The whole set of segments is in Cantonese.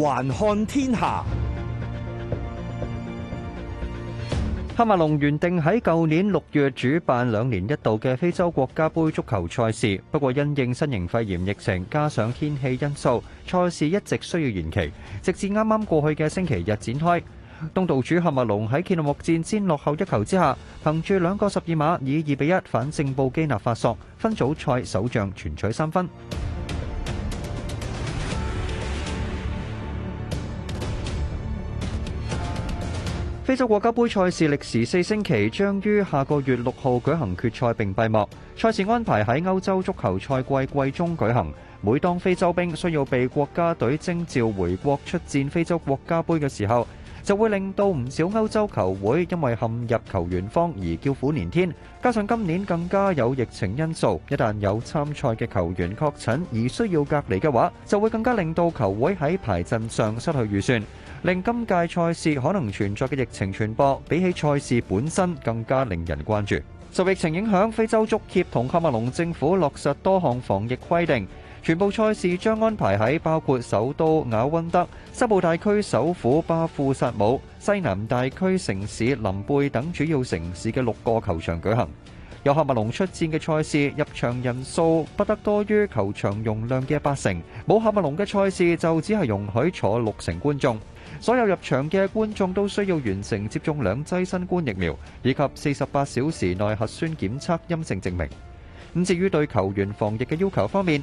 環看天下，喀麥隆原定喺舊年六月主辦兩年一度嘅非洲國家盃足球賽事，不過因應新型肺炎疫情加上天氣因素，賽事一直需要延期，直至啱啱過去嘅星期日展開。東道主喀麥隆喺揭幕戰先落後一球之下，憑住兩個十二碼以二比一反勝布基納法索，分組賽首仗全取三分。非洲國家盃賽事歷時四星期，將於下個月六號舉行決賽並閉幕。賽事安排喺歐洲足球賽季季中舉行。每當非洲兵需要被國家隊徵召回國出戰非洲國家盃嘅時候，就會令到唔少歐洲球會因為陷入球員荒而叫苦連天，加上今年更加有疫情因素，一旦有參賽嘅球員確診而需要隔離嘅話，就會更加令到球會喺排陣上失去預算，令今屆賽事可能存在嘅疫情傳播，比起賽事本身更加令人關注。受疫情影響，非洲足協同喀麥隆政府落實多項防疫規定。全部賽事將安排喺包括首都雅溫德、西部大區首府巴富薩姆、西南大區城市林貝等主要城市嘅六個球場舉行。有喀麥隆出戰嘅賽事，入場人數不得多於球場容量嘅八成；冇喀麥隆嘅賽事就只係容許坐六成觀眾。所有入場嘅觀眾都需要完成接種兩劑新冠疫苗，以及四十八小時內核酸檢測陰性證明。咁至於對球員防疫嘅要求方面，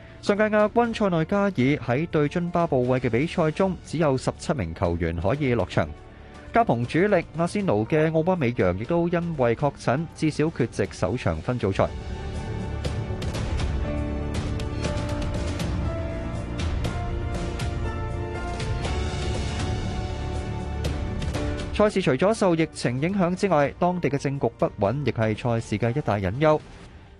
上屆亞軍塞內加爾喺對津巴布韋嘅比賽中，只有十七名球員可以落場。加蓬主力阿仙奴嘅奧巴美揚亦都因為確診，至少缺席首場分組賽。賽事除咗受疫情影響之外，當地嘅政局不穩亦係賽事嘅一大隱憂。